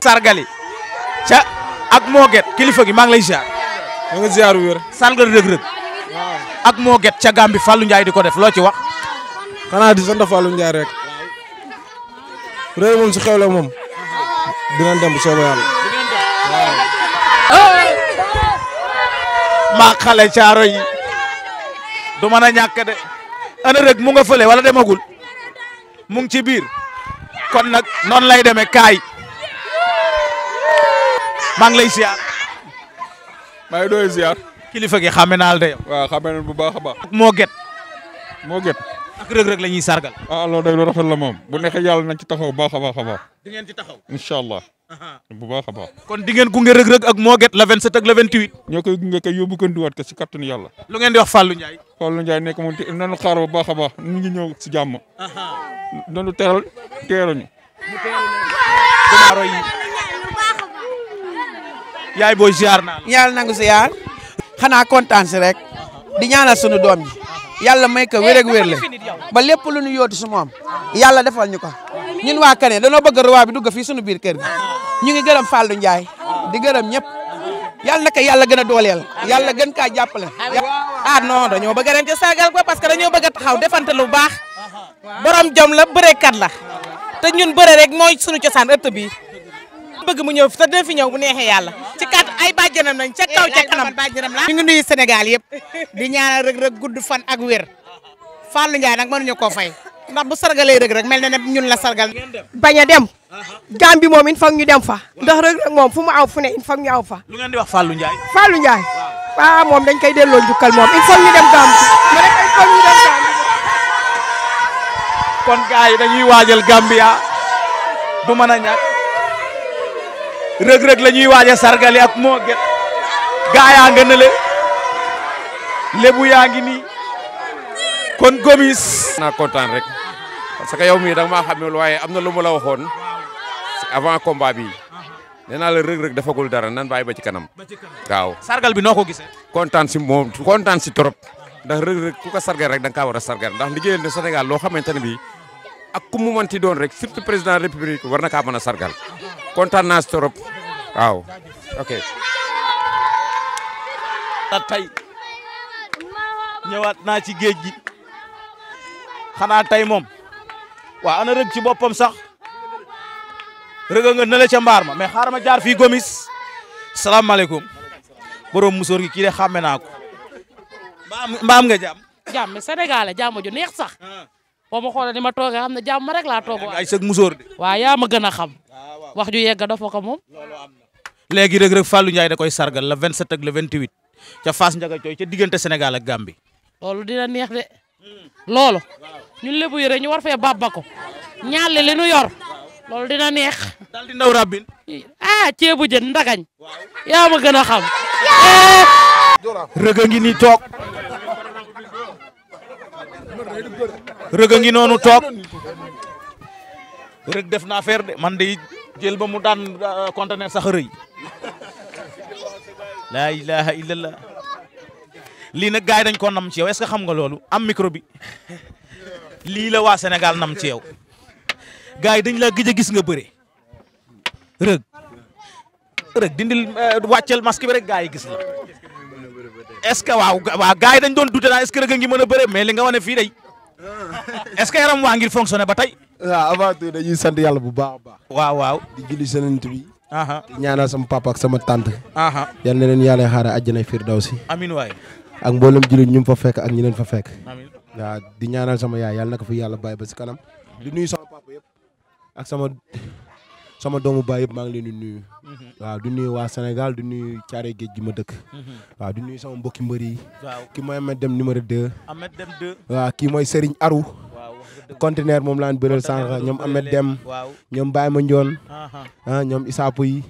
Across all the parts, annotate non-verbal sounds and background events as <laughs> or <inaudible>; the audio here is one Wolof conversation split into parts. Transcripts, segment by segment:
sargali ca ak mooget kilifa gi maa ngi lay ziar. maa ngi ziar wér. ak mooget ca Gàmbi Fallou Ndiaye di ko def loo ci wax. xanaa di sant Fallou Ndiaye rek. réew moom su xewle moom. dinañ dem bu soobee maa xale caaro yi. du mën a de. ana rëg mu nga fële wala demagul. mu ngi ci biir. kon nag noonu lay demee kaay. maa ngi lay ziar. maa ngi doon ziar. kilifa gi xàmme naal de yow. waaw xàmme bu baax a baax. moo get. moo get. ak rëg-rëg la ñuy sargal. ah loolu day lu rafet moom bu nekkee yàlla nañ ci taxaw baax a baax a di ngeen ci taxaw. incha allah. bu baax a kon di ngeen gunge rëg-rëg ak moo get la 27 ak la 28. ñoo koy gunge kay yóbbu ko ndiwaat ko si kattanu yàlla. lu ngeen di wax Fallou Ndiaye. Fallou Ndiaye nekk moom te nanu xaar bu baax a baax ñu ngi ñëw si jàmm. nanu teral teeruñu. yaay booy ziar naa yàlla nangu ziar xanaa kontaan si rek di ñaanal sunu doom ji yàlla may ko wér ak wér ba lépp lu ñu yóotu si moom yàlla defal ñu ko ñun waa Kane danoo bëgg roi bi dugg fii sunu biir kër gi ñu ngi gërëm Fallou Ndiaye di gërëm ñëpp yàlla na ko yàlla gën a dooleel yàlla gën kaa jàppale. ah non dañoo bëgg dem ci sagal ko parce que dañoo bëgg a taxaw defante lu baax borom jom la bëreekat la te ñun bëre rek mooy sunu cosaan ëtt bi. bëgg mu ñëw fi te dina fi ñëw bu neexee yàlla ci kat ay bàjjanam nañ ca kaw ca kanam bàjjanam la ñu ngi nuyu Sénégal yëpp di ñaanal Reug Reug gudd fan ak wér Fallou Ndiaye nag mënuñu koo fay ndax bu sargalee Reug Reug mel na ne ñun la sargal bañ a dem Gambie moom il faut ñu dem fa ndax Reug Reug moom fu mu aw fu ne il faut ñu aw fa lu ngeen di wax Fallou Ndiaye Fallou Ndiaye ah moom dañ koy delloo njukkal moom il faut ñu dem Gambie mu ne il faut ñu dem Gambie kon gars yi dañuy waajal Gambia du mën a ñàkk rëg-rëg la ñuy waaj a sargali ak moo get gaa yaa nga nële lébu yaa kon gomis naa kontaan rek parce que yow mii da nga maa xamul waaye am na lu ma la waxoon avant combat bi nee naa la rëg-rëg dafagul dara nan bàyyi ba ci kanam waaw sargal bi noo ko gisee kontaan si moom kontaan si trop ndax rëg-rëg ku ko rek da nga war a ndax liggéeyal ne Sénégal loo xamante ne bi ak ku mu mënti doon rek surtout président république war na kaa mën a sargal kontaan naa si trop waaw ok. tey ñëwaat naa ci géej gi xanaa tey moom waa ana rëg ci boppam sax rëga nga nële ca mbaar ma mais xaar ma jaar fii gomis salaamaaleykum borom musóor gi kii de xàmme naa ko mbaam mbaam nga jàmm. jàmm mais Sénégal la jàmm ju neex sax ah. boo ma xoolee ni ma toogee xam ne jàmm rek laa toog. ay sëg musóor de. waa yaa ma gën a xam. Ah. wax ju yegg dafa ko moom. léegi Reug Reug Fallou Ndiaye da koy sargal le 27 ak le 28 ca Fass Ndiaga Thioye ca diggante Sénégal ak Gambie. loolu dina neex de loolu ñun lébu yi rek ñu war fee babba ko ñaale li yor loolu dina neex. daal di ndaw rabbin. ah ceebu jën ndagañ yaa ma gën a xam. a ngi nii toog Reug a ngi noonu toog Reug def na affaire de man de. jël ba mu daan euh, conteneur sax rëy laa ilaha illallah lii nag gars dañ koo nam ci yow xam nga loolu am micro lii la waa senegal nam ci yow gars yi dañ la gëj gis nga bëre rëg rëg dindil euh, wàccel masque bi rek gars gis la est-ce que yi dañ doon dute naa est rëg a ngi mën a bëre mais li nga wane fii day est-ce yaram waa ngir fonctionné ba tey waaw avant tout dañuy sant yàlla bu baax a baax. waaw waaw. di julli senant bi. di ñaanal sama papa ak sama tante. yal na leen yàlla xaare àjjana firdawsi. amiin waay. ak mboolem jullit ñu fa fekk ak ñi leen fa fekk. amiin waaw di ñaanal sama yaay yàlla na ko fi yàlla bàyyi ba kanam. di nuy sama papa yëpp ak sama sama doomu baay yëpp maa ngi leen di nuyu. Mhm. waaw di nuyu waa Sénégal di nuyu caare géej gi ma dëkk. Mhm. waaw di nuyu sama mbokki mbër yi. waaw kii mooy Ahmed Deme numéro 2. Ahmed kii mooy Serigne Arou. conteneur moom laan bëral sànq ñoom Ahmed Dem ñoom Baye Ma Ndione ah ñoom Issa Pouye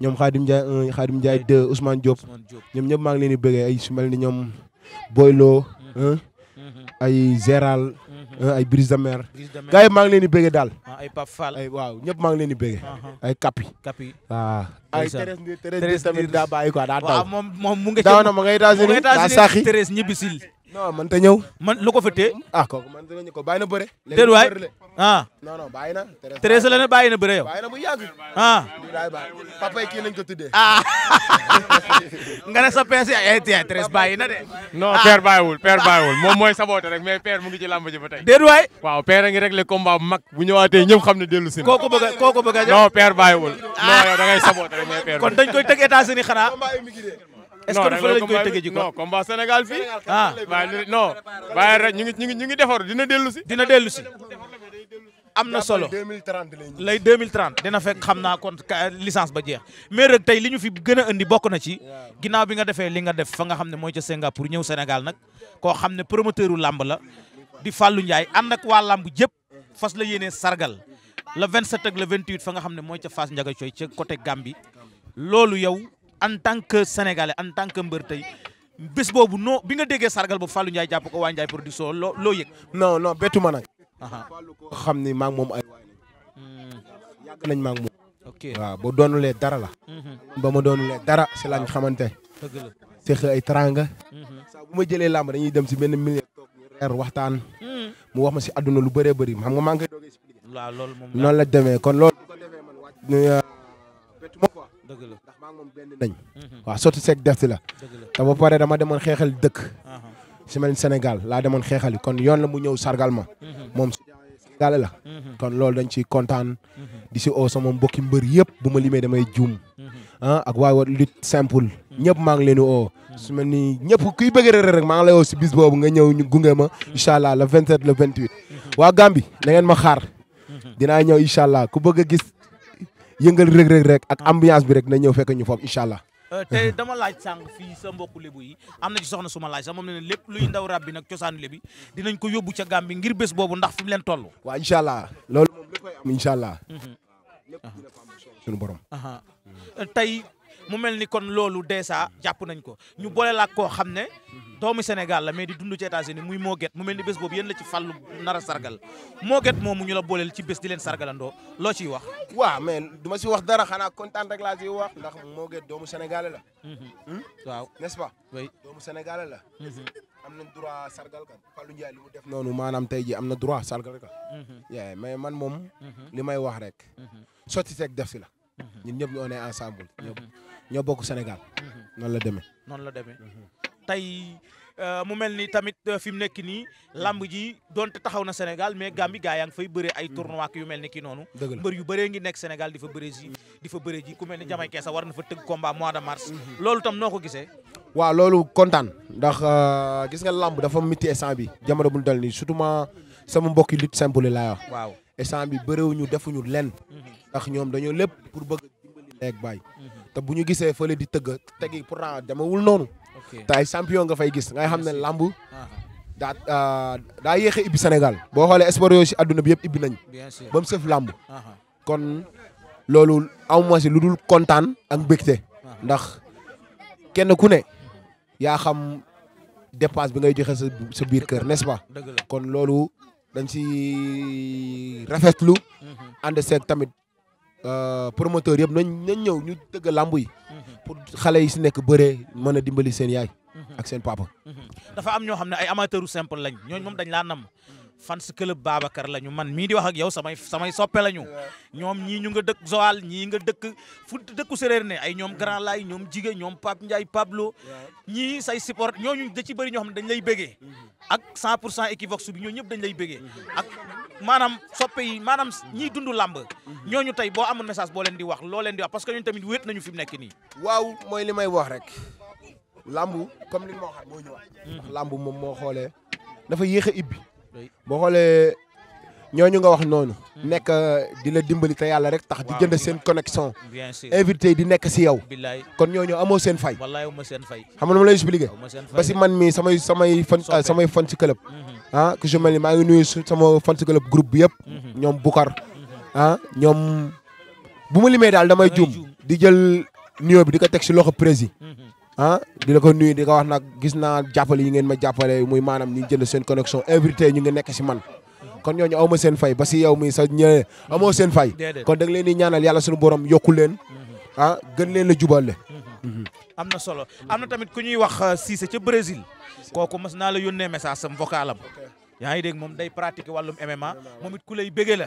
ñoom Khadim Ndiaye 1 Khadim Ndiaye 2 Ousmane Diop ñoom ñëpp maa ngi leen di bëggee ay su mel ni ñoom Boylo mhm. mhm. ay Géral mhm. ay Brise de Mer gars yi maa ngi leen di bëggee daal ah, ay Pape Fall ay maa ngi leen di bëggee ay Kapi Kapi waaw ah. ay Thérèse Thérèse tamit daa bàyyi quoi daa daw waaw moom moom mu ngi daw na ma non man ta ñëw. man lu ko fa tee. ah kooku man dinañu ko bàyyi na bëre. déedéet waay ah. non non bàyyi na. Thérèse la ne bàyyi na bëre yow. bàyyi na bu yàgg. ah. papa yi kii nañu ko tuddee. ah <laughs> nga ne sa peese ay tey Thérèse bàyyi na de. non ah. père bàyyiwul père bàyyiwul moom mooy saboote rek mais père mu ngi ci làmb ji ba tey. déedéet waaw père a ngi réglé combat bu mag bu ñëwaatee ñëpp xam ne dellu si. kooku bëgg a kooku bëgg a. non père bàyyiwul. Ah. non yow da ngay saboote rek mais père. kon dañ koy teg état-unis est-ce que fa lañ koy tëggee ji ko non combat Sénégal fii. ah, ah. waaye non waaye rek ñu ngi ñu ngi ñu ngi defar dina dellu si. dina dellu si am na solo lay 2030 fekk xam naa kon licence ba jeex mais rek tey li ñu fi gën a indi bokk na ci ginnaaw bi nga defee li nga def fa nga xam ne mooy ca Singapour ñëw Sénégal nag koo xam ne promoteur u làmb la di Fallou njaay ànd ak waa làmb jëpp fas la yéenee sargal le 27 ak le 28 fa nga xam ne mooy ca Fass Ndiaga Thioye ca côté Gambie loolu yow. en tant que sénégalais en tant que mbër tey bés boobu non bi nga déggee sargal boobu Fallou Ndiaye jàpp ko waa Ndiaye production loo loo yëg. non non bettu ma nag. ni maa ngi moom ay. Hmm. yàgg nañ maa ngi moom. ok waaw boo doonulee dara la. Mhm. ba ma doonulee dara si lañ xamante. dëgg la seq ay teraanga. Mhm. saa bu ma jëlee làmb dañuy dem si benn million. reer waxtaan. Hmm. mu wax ma lu bëree bëri xam nga maa ngi koy doog expliqué. waaw loolu moom demee kon loolu. moom benn nañ. Mhm. waaw sotti seeg def la. te ba pare dama demoon xeexal dëkk. Uh-huh. si Sénégal laa demoon xeexali kon yoon la mu ñëw sargal ma. Mhm. moom Sénégal la. Mhm. kon loolu dañ ciy kontaan. di si oo sama mbokki mbër yëpp bu ma limee damay juum. a ah, ak waaye wat lutte simple. ñëpp maa ngi leen di oo. su mel ni ñëpp kuy bëgg rek rek maa ngi lay oo si bis boobu nga ñëw ñu gunge ma. incha allah le waa Gambie na ma xaar. dinaa ñëw incha ku bëgg a gis. yëngal Reug Reug rek ak ambiance bi rek na ñëw fekk ñu foofu incha allah. Euh, te dama laaj sànq fii sa mbokku lébu yi am na ci soxna suma laaj sax moom ne luy ndaw rab bi nag cosaanu lébu dinañ ko yóbbu ca Gàmbi ngir bés boobu ndax fi mu leen toll. waaw incha allah loolu moom li koy mhm. euh, tey mu mel ni kon loolu dèjà jàpp nañ ko ñu boole laak koo xam ne doomu Sénégal la mais di dund ci États-Unis muy Moget mu mel ni bés boobu yéen la ci fàllu nar a sargal moo moomu ñu la booleel ci bés di leen sargalandoo loo ciy wax. waa mais du si wax dara xanaa kontaan rek laa ciy wax ndax Moget doomu Sénégal la. Mm-hmm. Hmm? waaw n'est-ce pas. doomu Sénégal la. Mm-hmm. am na droit sargal ka Fallou Ndiaye lu def noonu maanaam tey jii am na droit sargal ka. Mm-hmm. mais man moom. li may wax rek. sotti teg def si la. Mhm. ñun ñëpp ñu on ensemble. Mhm. ñoo bokk Sénégal. Mhm. noonu la demee. noonu la demee tey euh, mu mel ni tamit euh, fi mu nekk nii lamb ji donte taxaw na Sénégal mais Gambie gaa yaa ngi fay bëree ay tournoi ak yu mel ni ki noonu. mbër yu bëree ngi nekk Sénégal di fa bëree ji. fa bëree ji ku mel ni Jamaye Keesa war na fa tëgg combat mois de mars. loolu tam noo ko gisee. waaw loolu kontaan ndax euh, gis nga lamb dafa miti instant bi jamono bu ñu dal nii surtout sama mbokk yi lutte simple instant bi bëréwuñu defuñu lenn mhm. ndax ñoom dañoo lépp pour bëgg dimbali leeg bàyyi mhm. te bu ñu gisee fële di tëgg tegi pourtant demewul noonu te ay champion nga fay gis ngay xam ne làmb ah. daa euh, daa yéexe ibbi Sénégal boo xoolee sport yooyu si àdduna bi yëpp ibbi nañ ba mu sëf làmb uh-huh. kon loolu amuma si ludul kontaan ak mbégte uh-huh. ndax kenn ku ne yaa xam dépense bi ngay joxe sa sa biir kër n'est-ce kon loolu dañ si rafetlu. Mhm. ànd seeg tamit euh, promoteur yëpp nañ nañ ñëw ñu tëgg làmb yi. Mhm. pour xale yi si nekk bëree mën a dimbali seen yaay. Mhm. ak seen papa. dafa am ñoo xam ne ay amateuru simple lañ ñooñu moom dañ laa nam fans club Babacar lañu man mii di wax ak yow samay samay soppe lañu ñoom ñii ñu nga dëkk Joal ñii nga dëkk fu dëkku séréer ne ay ñoom Grand Laye ñoom Jigé ñoom Pape Ndiaye Pablo ñii say support ñooñu da ci bëri ñoo xam ne dañ lay bëggee mm-hmm. ak 100 pour cent Equivox bi ñoo ñëpp dañ lay bëggee mm-hmm. ak maanaam soppe yi maanaam ñiy dund làmb mm-hmm. ñooñu tey boo amoon message boo leen di wax loo leen di wax parce que ñun tamit wéet nañu fi mu nekk ni waaw mooy li may wax rek làmb comme li moo xam moo ñëwaat làmb moom moo xoolee dafa yéex a ibbi boo xoolee ñooñu nga wax noonu. Hmm. nekk uh, di la dimbali te yàlla rek tax di jënd seen connection bien sûr invité di nekk si yow. kon ñooñu amoo seen fay. wallaay amoo seen fay. xam nga ma lay expliqué. ba si man mii samay samay fan samay fan si club. Hmm. ah que je mel ni maa ngi nuyu sama fan si club groupe bi yëpp. Hmm. ñoom Bukar ah ñoom bu ma limee daal damay juum di jël nuyoo bi di ko teg si loxo prési ah di la ko nuyu di ko wax nag gis naa jàppale yi ngeen ma jàppale muy maanaam ñu jël seen connexion invité ñu ngi nekk si man kon ñooñu aw ma seen fay ba si yow mi sa ñëwee amoo seen fay kon da leen di ñaanal yàlla suñu borom yokku leen mm-hmm. ah gën leen la jubale mm-hmm. mm-hmm. am na solo am na tamit ku ñuy wax Cissé ca Brésil kooku mas naa la yónnee message sam vocal am yaa ngi dégg moom day pratiquer wàllum MMA moom it ku lay bëggee la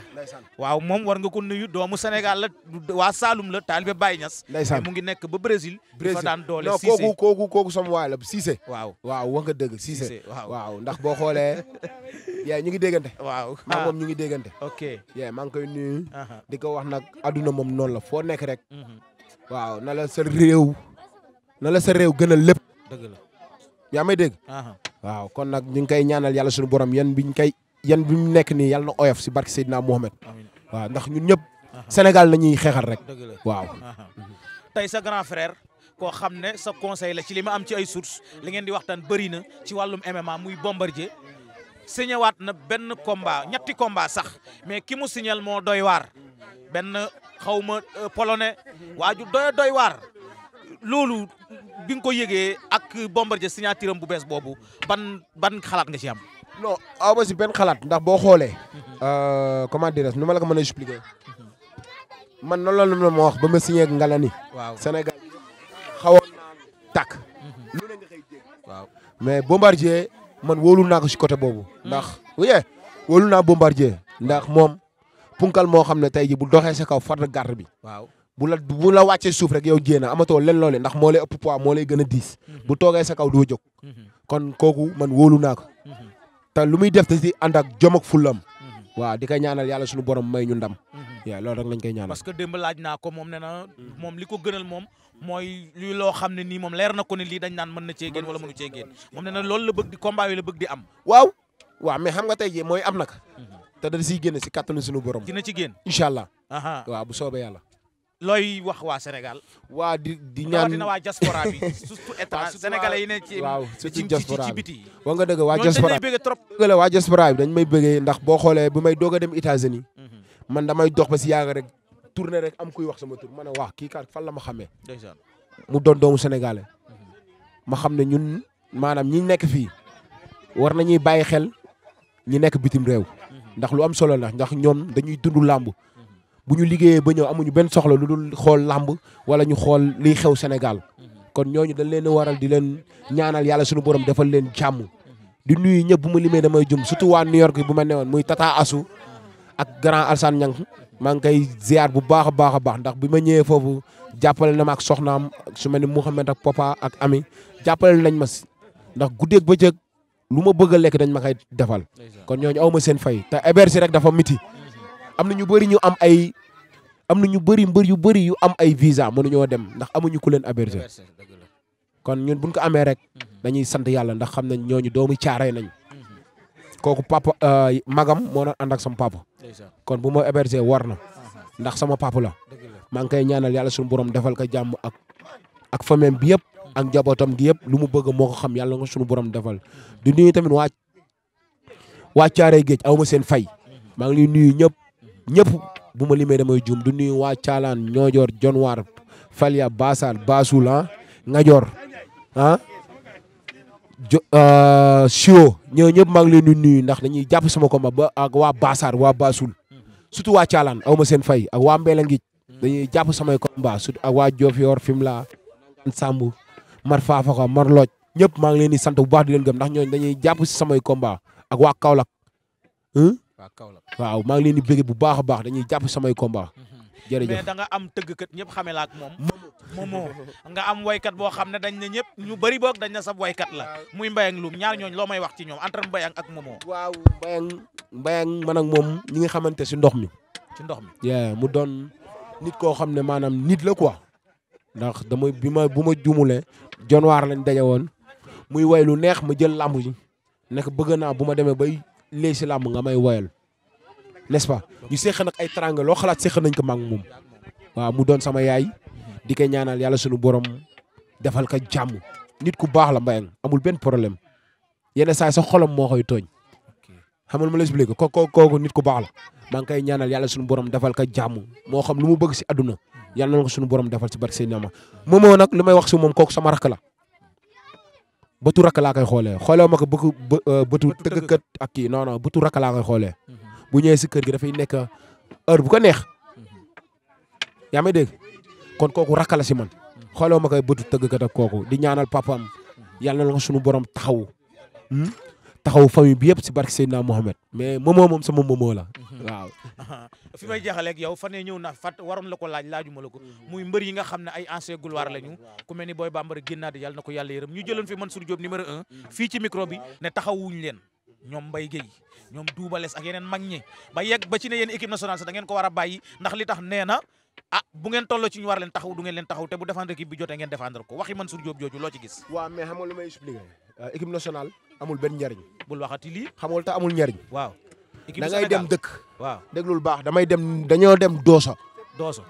waaw moom war nga ko nuyu doomu Sénégal la waa Saloum la taalibe Baye Niass mu ngi nekk ba Brésil fa daan doole Cissé kooku kooku kooku sama waay la Cissé waaw waaw wax nga dëgg Cissé waaw ndax boo xoolee <laughs> yee ñu ngi déggante waaw moom ñu ngi déggante ok yee maa ngi koy nuyu di ko wax nag adduna moom noonu la foo nekk rek mhm. waaw na la sa réew na la sa réew gën a lépp dëgg la yaa may dégg waaw kon nag ñu ngi koy ñaanal yàlla suñu borom yan ñu koy yan bi mu nekk nii yàlla na oyof si barke Seydina Mohamed waaw ndax ñun ñëpp Sénégal la ñuy xeexal rek waaw tey sa grand frère koo xam ne sa conseil la ci li ma am ci ay source li ngeen di waxtaan bëri na ci wàllum MMA muy Bombardier signé waat na benn komba ñetti komba sax mais ki mu signal moo doy waar benn xaw ma euh, polonais waaju doy doy waar loolu bi nga ko yëgee ak Bombardier signature am bu bees boobu ban ban xalaat nga ci am. non aw ma si ben xalaat ndax boo xoolee. Mhm. Euh, comment dirais nu ma la ko mën a expliquer. man noonu la ma ma wax ba ma signé ak Ngalani. waaw Sénégal xawoon naa mhm. waaw mais Bombardier man wolu naa ko si côté boobu. Mhm. ndax oui eh, wóolu naa Bombardier. ndax moom punkal moo xam ne tey ji bu doxee sa kaw far garde bi. waaw. bu la bu la wàccee suuf rek yow jéem a amatoo len loole ndax moo lay ëpp poids moo lay gën a diis mhm. bu toogee sa kaw doo jóg mhm. kon kooku man wóolu naa ko mhm. te lu muy def da si ànd ak jom ak fulam waaw di koy ñaanal yàlla suñu borom may ñu ndam yaa loolu rek lañ koy ñaanal parce que démb laaj naa ko moom nee na moom li ko gënal moom mooy li xam ne nii moom leer na ko ne lii dañ naan mën na cee génn wala mënu loolu la bëgg di combat yi la bëgg di am waaw waaw mais xam tey jii mooy am naka te da siy génn si kattanu suñu borom dina ci génn incha allah waaw bu soobee yàlla looy wax waa Sénégal. waa di di ñaan rawatina waa diaspora bi surtout <laughs> état yi ne waaw surtout diaspora bi ci ci biti. wax nga dëgg waa diaspora bi trop. dëgg waa diaspora dañ may bëggee ndax boo xoolee bu may doog a dem États-Unis mhm. man damay dox ba si yàgg rek tourné rek am kuy wax sama tur ma ne waa kii kaar fan la ma xamee. mu doon doomu sénégalais. ma xam ne ñun maanaam ñi nekk fii war nañuy bàyyi xel ñi nekk bitim réew. Mhm. ndax lu am solo la ndax ñoom dañuy dund làmb bu ñu liggéeyee ba ñëw amuñu benn soxla lu dul xool làmb wala ñu xool liy xew Sénégal kon ñooñu dañ leen waral di leen ñaanal yàlla suñu borom defal leen jàmm di nuyu ñëpp bu ma limee damay jum surtout waa New York bu ma newoon muy Tata asu ak grand Alsane Niang maa ngi koy bu baax a baax a baax ndax bi ma ñëwee foofu jàppale nama ak soxnaam su mel ni Mouhamed ak Papa ak Ami jàppale nañ ma si ndax guddeeg bëccëg lu ma bëgg lekk dañ ma koy defal kon ñooñu aw ma seen fay te héberge rek dafa miti am na ñu bëri ñu am ay am na ñu bëri mbër yu bëri yu am ay visa mënuñoo dem ndax amuñu ku leen héberger kon ñun buñ ko amee rek mhm. dañuy sant yàlla ndax xam nañ ñooñu doomu caaray nañ mhm. kooku papa euh, magam moo doon ànd ak sama papa kon bu ma héberger war na ndax sama papa la maa ngi koy ñaanal yàlla suñu borom defal ko jàmm ak ak famem bi yëpp mhm. ak njabootam gi yëpp lu mu bëgg moo ko xam yàlla nga suñu borom defal di nuyu tamit waa waa Caaray Géej aw ma seen fay maa ngi nuyu ñëpp ñëpp bu ma limee damay juum du nuyu waa caalaan ñoojoor jonwaar falya basal basul ah ngajoor ah euh, sio ñoo ñëpp maa ngi leen di nuyu ndax dañuy jàpp sama combat ba ak waa basar waa basul surtout waa caalaan awma seen fay ak wa mbeela ngic dañuy jàpp samay combat surtout ak waa Diofior Fimela Samb mar faafaka mar looj ñëpp maa ngi leen di sant bu baax di leen gëm ndax ñooñu dañuy jàpp si samay combat ak waa Kaolack waaw Kaolack waaw maa ngi leen di bëgg bu baax a baax dañuy jàpp samay combat mm-hmm. jërëjëf mais da nga am tëggkat ñëpp xame la ak moom moomoo nga am waykat boo xam ne dañ ne ñëpp ñu bëri boog dañ ne sab waykat la muy Mbayang Loum ñaar ñooñ loo may wax ci ñoom entre Mbayang ak moomoo waaw Mbayang Mbayang man ak moom ñi nga xamante si ndox mi ci ndox mi mu doon nit koo xam ne maanaam nit la quoi ndax dama bi ma bu ma jumule jonwaar lañ daje woon muy way lu neex ma jël làmb nekk bëgg naa bu ma demee léegi si làmb nga may woyal n'est-ce pas nag ay teraanga loo xalaat seex nañ ko mag moom waaw mu doon sama yaay di ko ñaanal yàlla suñu borom defal ka jàmm nit ku baax la Mbayang amul benn problème yene saa sa xolom moo koy tooñ xam nga ma la expliqué ko ko kooku nit ku baax la maa koy ñaanal yàlla suñu borom defal ko jàmm moo xam lu mu bëgg si àdduna yàlla na borom defal si barke seen ma moo nag li may wax si moom kooku sama rakk la bëtu rakk laa koy xoolee xoolee ma ko bëgg bëtu euh, tëggkat ak kii non non bëtu rakk koy xoolee mhm. bu ñëwee si kër gi dafay nekk heure bu ko neex mhm. yaa may dégg kon kooku rakk la si man mhm. xoolee ma koy bëtu tëggkat ak kooku di ñaanal papaam yàlla na la ko sunu borom taxawu hmm? taxaw famille bi yëpp si barke Seydina Mohamed mais moomoo moom sama moomoo la mhm. waaw <laughs> fi may jeexaleeg yow fan ne ñëw na fat waroon la laaj laajuma mhm. muy mbër nga xam ne ay ancien gloire lañu ku mel ni Boy Bambara génnaat yàlla na ko yàlla yërëm ñu jëloon fi Mansour Diop numéro un mhm. fii ci micro bi ne taxawuñ leen ñoom Mbaye Guèye ñoom duubales ak yeneen mag ñi ba yegg ba ci ne yéen équipe nationale sax a ah, taxaw te bu défendre équipe bi jotee ngeen défendre ko waxi Mansour amul benn njariñ bul waxati lii xamul ta amul njariñ waaw da ngay dem dëkk waaw déglul baax damay dem dañoo dem doosa doosa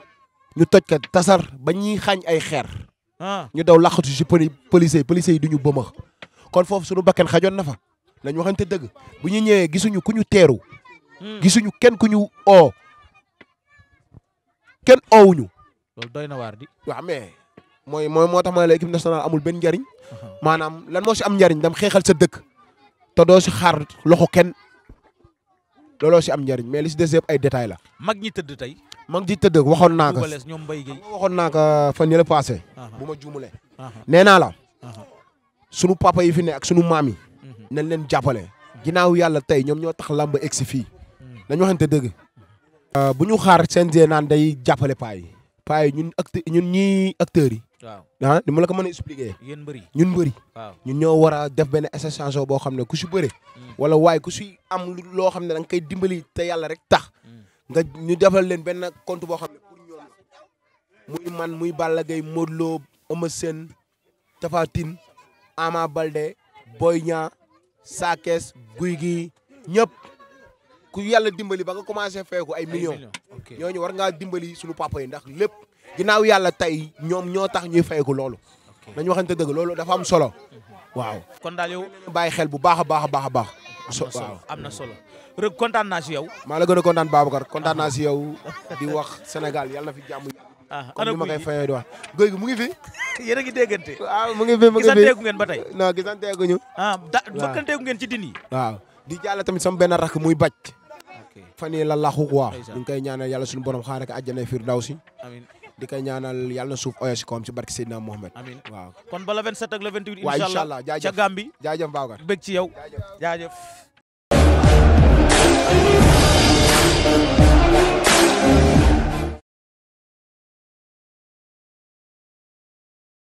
ñu toj ka tasar ba ñuy xañ ay xeer ñu daw laqatu si police yi police yi duñu kon foofu suñu bakkan xajoon na fa nañ waxante dëgg bu ñu ñëwee gisuñu ku ñu teeru hmm. gisuñu kenn ku ñu oo kenn oowuñu loolu doy na waar di mooy mooy moo tax ma la équipe nationale amul benn njariñ uh-huh. maanaam lan moo si am njariñ dam xeexal sa dëkk te doo si xaar loxo kenn looloo si am njariñ mais li si des ay détails la. mag ñi tëdd tey. mag ñi tëdd waxoon naa ko ñoom Mbaye Guèye waxoon naa ko fan yële passé. Uh-huh. bu ma juumulee. Uh-huh. nee naa la. sunu papa yi fi ne ak sunu maam yi. nañ leen jàppale. ginnaaw yàlla tey ñoom ñoo tax làmb egg si fii. dañu waxante dëgg. Uh, bu ñu xaar CNG naan day jàppale paa yi. paa ñun acte ñun ñii acteurs yi. waaw ah ni ma la ko mën a expliquer. yéen mbëri ñun mbëri. waaw ñun ñoo war a def benn association boo xam ne ku si bëre. Hmm. wala waaye ku si am loo xam ne da nga koy dimbali te yàlla rek tax. Hmm. nga ñu defal leen benn compte boo xam ne pour ñoom muy man muy Balla gay Modou Lo Eumeu Sène Tapha Tine Ama Baldé Boy Niang Sa Thiès Gouye Gui ñëpp ku yàlla dimbali ba nga commencé feeku ay million ñoo ñooñu war ngaa dimbali suñu papa yi ndax lépp. ginnaaw yàlla tey ñoom ñoo tax ñuy ku loolu nañu waxante dëgg loolu dafa am solo waaw kon daal yow bàyyi xel bu baax a baax a baax a baax waaw am na solo rek kontaan naa si yow maa la gën a kontaan Babacar kontaan naa ah. si yow di wax Sénégal yàlla fi jàmm ah ana guy mu ngi fi. <laughs> yéen a ngi mu ngi fi mu ngi fi gisanteegu ngeen ba tey. non gisanteegu ñu. ah da bëkkanteegu ngeen ci di jàll tamit sama benn rakk muy bàcc. ok fan yii la laxu quoi. ñu ngi koy ñaanal yàlla suñu borom xaaral ko àjjana firdawsi. amiin di koy ñaanal yàlla suuf oyo si koom si barke waaw kon ba le 27 ak le 28. waaw incha allah jaajëf ca Gambie. jaajëf Babacar bég ci yaw jaajëf.